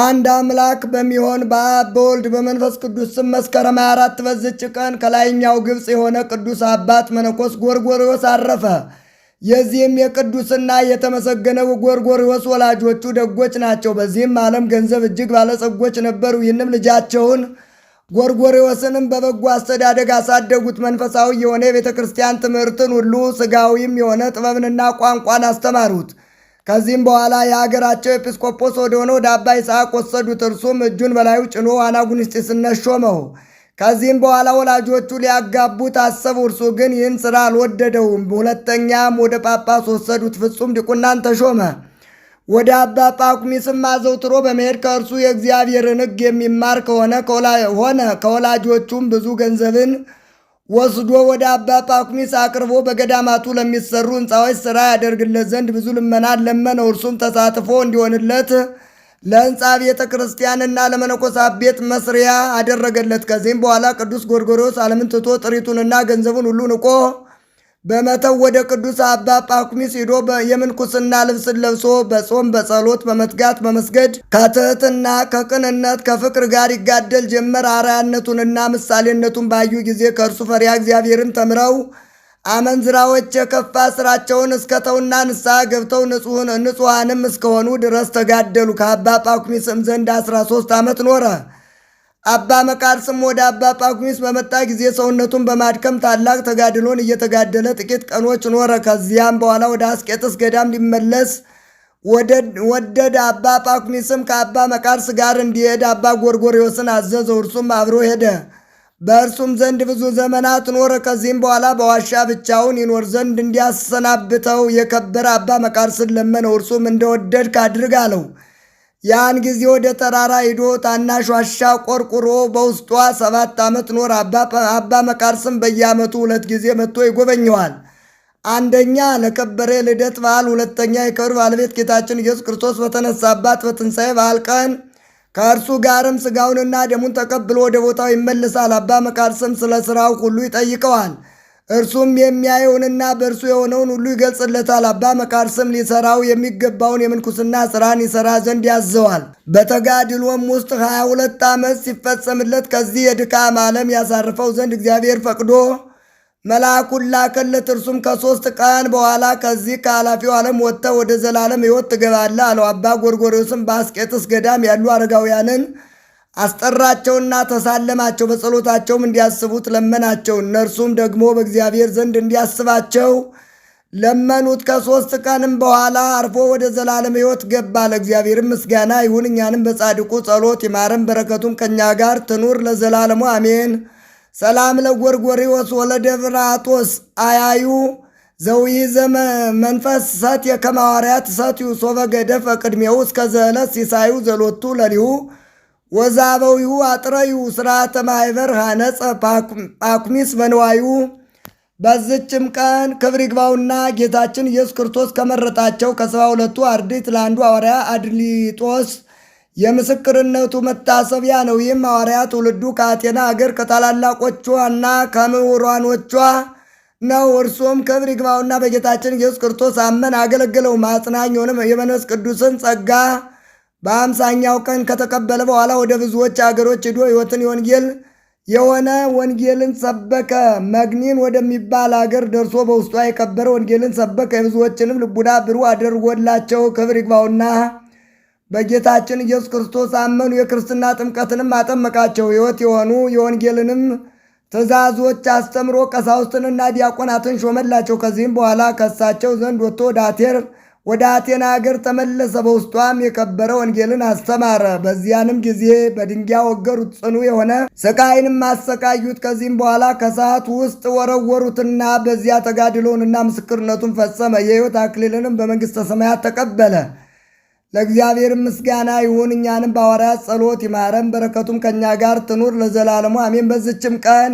አንድ አምላክ በሚሆን በአብ በወልድ በመንፈስ ቅዱስ ስም መስከረም 24 በዝች ቀን ከላይኛው ግብፅ የሆነ ቅዱስ አባት መነኮስ ጎርጎሪዎስ አረፈ። የዚህም የቅዱስና የተመሰገነ ጎርጎሪዎስ ወላጆቹ ደጎች ናቸው። በዚህም ዓለም ገንዘብ እጅግ ባለጸጎች ነበሩ። ይህንም ልጃቸውን ጎርጎሪዎስንም በበጎ አስተዳደግ አሳደጉት። መንፈሳዊ የሆነ የቤተ ክርስቲያን ትምህርትን ሁሉ፣ ስጋዊም የሆነ ጥበብንና ቋንቋን አስተማሩት። ከዚህም በኋላ የሀገራቸው ኤጲስቆጶስ ወደሆነ ወደ አባ ይስሐቅ ወሰዱት። እርሱም እጁን በላዩ ጭኖ አናጉንስጢስነት ሾመው። ከዚህም በኋላ ወላጆቹ ሊያጋቡት አሰቡ። እርሱ ግን ይህን ሥራ አልወደደውም። ሁለተኛም ወደ ጳጳስ ወሰዱት። ፍጹም ዲቁናን ተሾመ። ወደ አባ ጳኩሚስም አዘውትሮ በመሄድ ከእርሱ የእግዚአብሔርን ሕግ የሚማር ከሆነ ሆነ ከወላጆቹም ብዙ ገንዘብን ወስዶ ወደ አባ ጳኩሚስ አቅርቦ በገዳማቱ ለሚሰሩ ሕንፃዎች ሥራ ያደርግለት ዘንድ ብዙ ልመና ለመነው። እርሱም ተሳትፎ እንዲሆንለት ለሕንፃ ቤተ ክርስቲያንና ለመነኮሳት ቤት መስሪያ አደረገለት። ከዚህም በኋላ ቅዱስ ጎርጎርዮስ ዓለምን ትቶ ጥሪቱንና ገንዘቡን ሁሉ ንቆ በመተው ወደ ቅዱስ አባ ጳኩሚስ ሂዶ የምንኩስና ልብስን ለብሶ በጾም በጸሎት በመትጋት በመስገድ ከትህትና ከቅንነት ከፍቅር ጋር ይጋደል ጀመር። አርአያነቱንና ምሳሌነቱን ባዩ ጊዜ ከእርሱ ፈሪያ እግዚአብሔርን ተምረው አመንዝራዎች የከፋ ስራቸውን እስከተውና ንስሐ ገብተው ንጹሐንም እስከሆኑ ድረስ ተጋደሉ። ከአባ ጳኩሚስም ዘንድ 13 ዓመት ኖረ። አባ መቃርስም ወደ አባ ጳኩሚስ በመጣ ጊዜ ሰውነቱን በማድከም ታላቅ ተጋድሎን እየተጋደለ ጥቂት ቀኖች ኖረ። ከዚያም በኋላ ወደ አስቄጥስ ገዳም ሊመለስ ወደድ አባ ጳኩሚስም ከአባ መቃርስ ጋር እንዲሄድ አባ ጎርጎሪዎስን አዘዘው። እርሱም አብሮ ሄደ። በእርሱም ዘንድ ብዙ ዘመናት ኖረ። ከዚህም በኋላ በዋሻ ብቻውን ይኖር ዘንድ እንዲያሰናብተው የከበረ አባ መቃርስን ለመነው። እርሱም እንደወደድክ አድርግ አለው። ያን ጊዜ ወደ ተራራ ሂዶ ታናሽ ዋሻ ቆርቁሮ በውስጧ ሰባት ዓመት ኖር። አባ መቃርስም በየዓመቱ ሁለት ጊዜ መጥቶ ይጎበኘዋል። አንደኛ ለከበረ ልደት በዓል፣ ሁለተኛ የክብር ባለቤት ጌታችን ኢየሱስ ክርስቶስ በተነሳባት በትንሣኤ በዓል ቀን ከእርሱ ጋርም ስጋውንና ደሙን ተቀብሎ ወደ ቦታው ይመልሳል። አባ መቃርስም ስለ ሥራው ሁሉ ይጠይቀዋል። እርሱም የሚያየውንና በእርሱ የሆነውን ሁሉ ይገልጽለታል። አባ መቃርስም ሊሰራው የሚገባውን የምንኩስና ስራን ይሰራ ዘንድ ያዘዋል። በተጋድሎም ውስጥ 22 ዓመት ሲፈጸምለት ከዚህ የድካም ዓለም ያሳርፈው ዘንድ እግዚአብሔር ፈቅዶ መልአኩን ላከለት። እርሱም ከሶስት ቀን በኋላ ከዚህ ከኃላፊው ዓለም ወጥተህ ወደ ዘላለም ሕይወት ትገባለህ አለው። አባ ጎርጎሪዎስም በአስቄጥስ ገዳም ያሉ አረጋውያንን አስጠራቸውና ተሳለማቸው። በጸሎታቸውም እንዲያስቡት ለመናቸው። እነርሱም ደግሞ በእግዚአብሔር ዘንድ እንዲያስባቸው ለመኑት። ከሦስት ቀንም በኋላ አርፎ ወደ ዘላለም ሕይወት ገባ። ለእግዚአብሔርም ምስጋና ይሁን፣ እኛንም በጻድቁ ጸሎት ይማረን፣ በረከቱም ከእኛ ጋር ትኑር ለዘላለሙ አሜን። ሰላም ለጎርጎሪዎስ ወለደብራጦስ አያዩ ዘውይ ዘመ መንፈስ ሰት የከማዋርያት ሰትዩ ሶበ ቅድሜው እስከ ዘዕለት ሲሳዩ ዘሎቱ ለሊሁ ወዛበዊሁ አጥረዩ ስርዓተ ማይበር ሃነፀ ጳኩሚስ በንዋዩ። በዝችም ቀን ክብር ይግባውና ጌታችን ኢየሱስ ክርስቶስ ከመረጣቸው ከሰባ ሁለቱ አርድእት ለአንዱ ሐዋርያ አድሊጦስ የምስክርነቱ መታሰቢያ ነው። ይህም ሐዋርያ ትውልዱ ከአቴና አገር ከታላላቆቿና ከምሁራኖቿ ነው። እርሱም ክብር ይግባውና በጌታችን ኢየሱስ ክርስቶስ አመን አገለገለው። ማጽናኝ የሆነ የመንፈስ ቅዱስን ጸጋ በአምሳኛው ቀን ከተቀበለ በኋላ ወደ ብዙዎች አገሮች ሂዶ ሕይወትን የወንጌል የሆነ ወንጌልን ሰበከ። መግኒን ወደሚባል አገር ደርሶ በውስጧ የከበረ ወንጌልን ሰበከ። የብዙዎችንም ልቡና ብሩህ አድርጎላቸው ክብር ይግባውና በጌታችን ኢየሱስ ክርስቶስ አመኑ። የክርስትና ጥምቀትንም አጠመቃቸው። ሕይወት የሆኑ የወንጌልንም ትእዛዞች አስተምሮ ቀሳውስትንና ዲያቆናትን ሾመላቸው። ከዚህም በኋላ ከሳቸው ዘንድ ወጥቶ ወደ አቴር ወደ አቴና አገር ተመለሰ። በውስጧም የከበረ ወንጌልን አስተማረ። በዚያንም ጊዜ በድንጋይ ወገሩት፣ ጽኑ የሆነ ስቃይንም አሰቃዩት። ከዚህም በኋላ ከሰዓት ውስጥ ወረወሩትና በዚያ ተጋድሎንና ምስክርነቱን ፈጸመ። የሕይወት አክሊልንም በመንግሥተ ሰማያት ተቀበለ። ለእግዚአብሔር ምስጋና ይሁን። እኛንም በሐዋርያት ጸሎት ይማረን፣ በረከቱም ከእኛ ጋር ትኑር ለዘላለሙ አሜን። በዝችም ቀን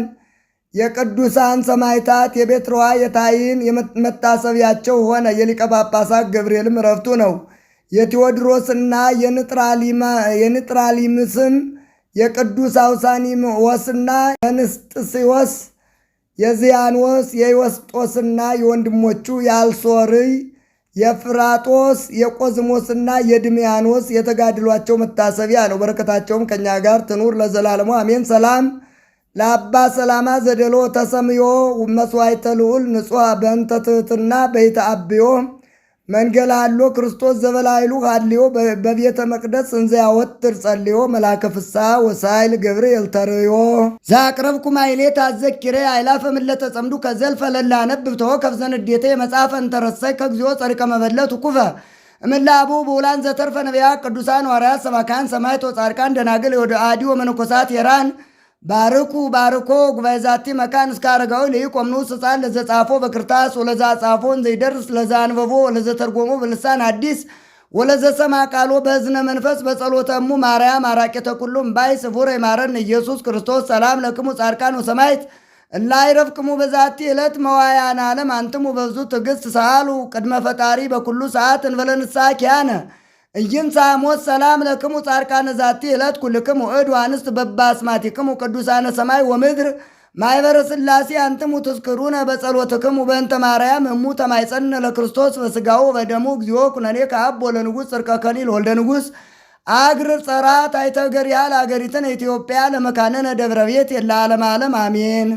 የቅዱሳን ሰማይታት የቤትሮዋ የታይን መታሰቢያቸው ሆነ። የሊቀ ጳጳሳት ገብርኤልም ረፍቱ ነው። የቴዎድሮስና የንጥራሊምስም የቅዱስ አውሳኒዎስና የንስጥስዎስ የዚያንወስ የዮስጦስና የወንድሞቹ የአልሶርይ የፍራጦስ የቆዝሞስና የድሚያኖስ የተጋድሏቸው መታሰቢያ ነው። በረከታቸውም ከእኛ ጋር ትኑር ለዘላለሙ አሜን። ሰላም ለአባ ሰላማ ዘደሎ ተሰምዮ መስዋዕተ ልዑል ንጹሐ በእንተ ትሕትና በይተአብዮ መንገላሎ ክርስቶስ ዘበላይሉ ሃልዮ በቤተ መቅደስ እንዘያወትር ጸልዮ መላከ ፍሳ ወሳይል ገብርኤል ተርዮ ዛቅረብኩ ማይሌት ታዘኪሬ አይላፈ ምለተ ጸምዱ ከዘልፈ ለላ ነብብ ተወ ከፍዘን ዴቴ መጽሐፈ ከግዚኦ ጸሪቀ መበለት ኩፈ እምላቡ በውላን ዘተርፈ ነቢያ ቅዱሳን ዋርያት ሰባካን ሰማይቶ ጻድቃን ደናግል ወደ አዲዮ መነኮሳት የራን ባርኩ ባርኮ ጉባኤዛቲ መካን እስከ አረጋዊ ለይቆም ንዑስ ሕፃን ለዘ ጻፎ በክርታስ ወለዛ ጻፎን ዘይደርስ ለዛ አንበቦ ወለዘ ተርጎሞ በልሳን አዲስ ወለዘ ሰማ ቃሎ በዝነ መንፈስ በጸሎተሙ ማርያም አራቄ ተኩሉም ባይ ስቡር የማረን ኢየሱስ ክርስቶስ ሰላም ለክሙ ጻድቃን ወሰማይት እላ ቅሙ በዛቲ ዕለት መዋያን ዓለም አንትሙ በብዙ ትግስት ሰአሉ ቅድመ ፈጣሪ በኩሉ ሰዓት እንበለንሳ ኪያነ ኢይምጻእሞት ሰላም ለክሙ ጻድቃነ ዛቲ ዕለት ኩልክሙ እድ አንስት ክሙ ቅዱሳነ ሰማይ ወምድር ማይበረ ሥላሴ አንትሙ በጸሎት ክሙ በእንተ ማርያም እሙ ተማይጸነ ለክርስቶስ በስጋው በደሙ እግዚኦ ኩነኔ ከአቦ ለንጉሥ ጽርቀ ከሊል ወልደ ንጉሥ አግር ጸራት ታይተገር ያህል አገሪትን ኢትዮጵያ ለመካነነ ደብረ ቤት የለ ዓለም ዓለም አሜን።